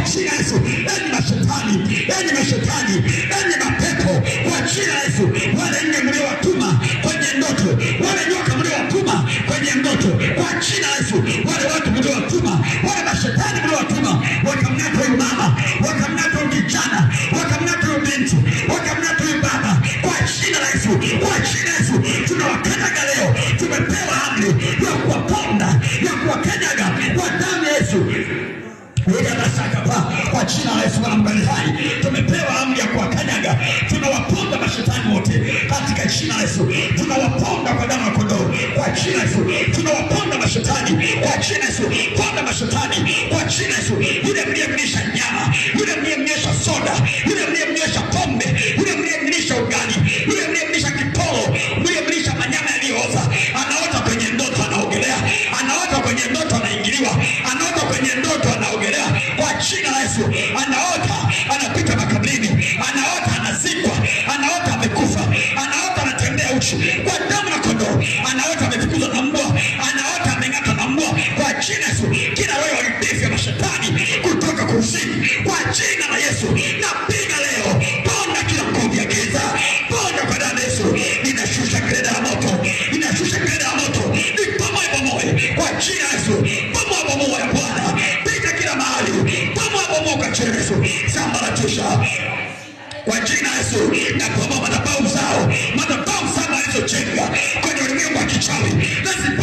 kwa jina Yesu, enyi mashetani, enyi mashetani, enyi mapepo, kwa jina Yesu, wale nge mliowatuma kwenye ndoto, wale nyoka mliowatuma kwenye ndoto, kwa jina Yesu, wale watu mliowatuma, wale mashetani mliowatuma, wakamnata huyu mama, wakamnata huyu kijana, wakamnata huyu binti, wakamnata huyu baba, kwa jina Yesu, kwa jina Yesu, tunawakataga leo. Tumepewa amri ya kuwaponda ya kuwakenya kwa jina la Yesu mbali hai. Tumepewa amri ya kuwakanyaga, tunawaponda mashetani wote katika jina la Yesu, tunawaponda kwa damu ya kondoo kwa jina la Yesu, tunawaponda mashetani kwa jina la Yesu, ponda mashetani kwa jina la Yesu. shetani kutoka kuzimu kwa jina la Yesu. Napiga leo, ponda kila nguvu ya giza, ponda kwa damu ya Yesu. Ninashusha greda ya moto, ninashusha greda ya moto, nipomoe pomoe kwa jina la Yesu. Bomoa bomoa ya Bwana, pita kila mahali, bomoa bomoa kwa jina la Yesu. Sambaratisha kwa jina la Yesu, na kuomba madhabahu zao, madhabahu zao walizojenga kwenye ulimwengu wa kichawi lazima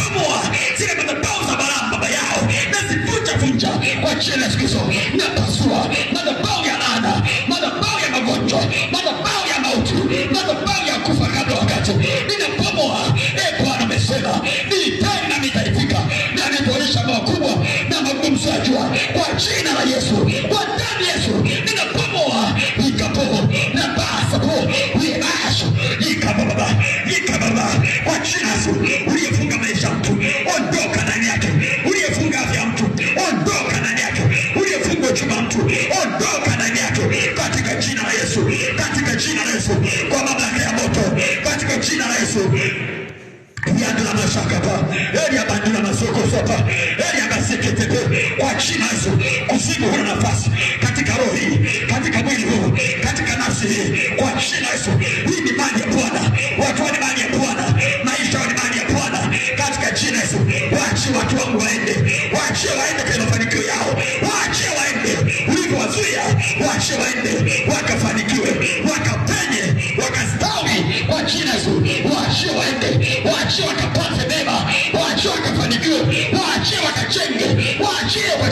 soka eli agaseketete kwa jina Yesu, kuzimu huna nafasi katika roho hii, katika mwili huu, katika nafsi hii, kwa china Yesu. Hii ni mali ya Bwana, watu ni mali ya Bwana, maisha ni mali ya Bwana, katika jina Yesu. Waachie watu wangu waende, waachie waende kwenye mafanikio yao, waachie waende ulivyowazuia, waachie waende wakafanikiwe, wakapenye, wakastawi kwa jina Yesu.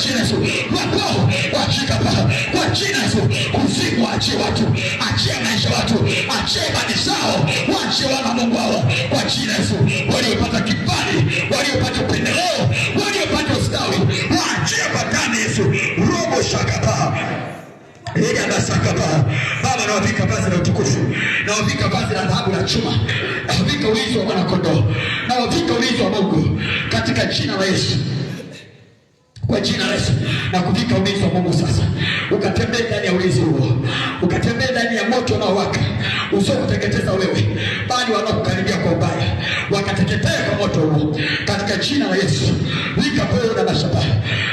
jina Yesu, wapo wachika pa kwa jina Yesu, kuzimu achi watu, achie maisha watu, achie imani zao, wache wana Mungu wao kwa jina Yesu, waliopata kibali, waliopata upendeleo, waliopata ustawi, waachie patani Yesu, robo shakapa Basakaba Baba, nawavika vazi na utukufu, nawavika vazi na dhahabu na chuma, nawavika ulinzi wa mwanakondoo, nawavika ulinzi wa Mungu katika jina la Yesu kwa jina la Yesu, na kuvika ulinzi wa Mungu sasa, ukatembee ndani ya ulinzi huo, ukatembee ndani ya moto unaowaka usiokuteketeza wewe, bali wanaokukaribia kwa ubaya wakateketea kwa moto huo, katika jina la Yesu. Wika pole na mashaba,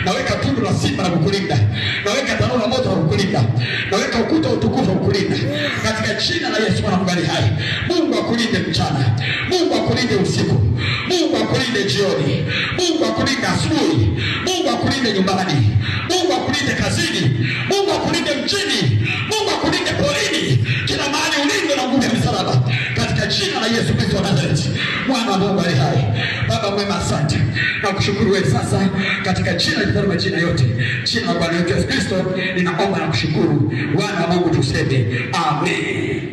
naweka tundu la simba na kukulinda, naweka tanuru la moto na kukulinda, naweka ukuta wa utukufu wa kukulinda katika jina la Yesu wanakubali hai. Mungu akulinde mchana, Mungu akulinde usiku, Mungu akulinde jioni, Mungu akulinde asubuhi, Mungu akulinde nyumbani, Mungu akulinde kazini, Mungu akulinde mjini, Mungu akulinde polisi. Baba mwema, asante na kushukuru wewe sasa, katika jina la majina yote, jina la Bwana wetu Yesu Kristo, ninaomba na kushukuru. Wana wa Mungu tuseme amen.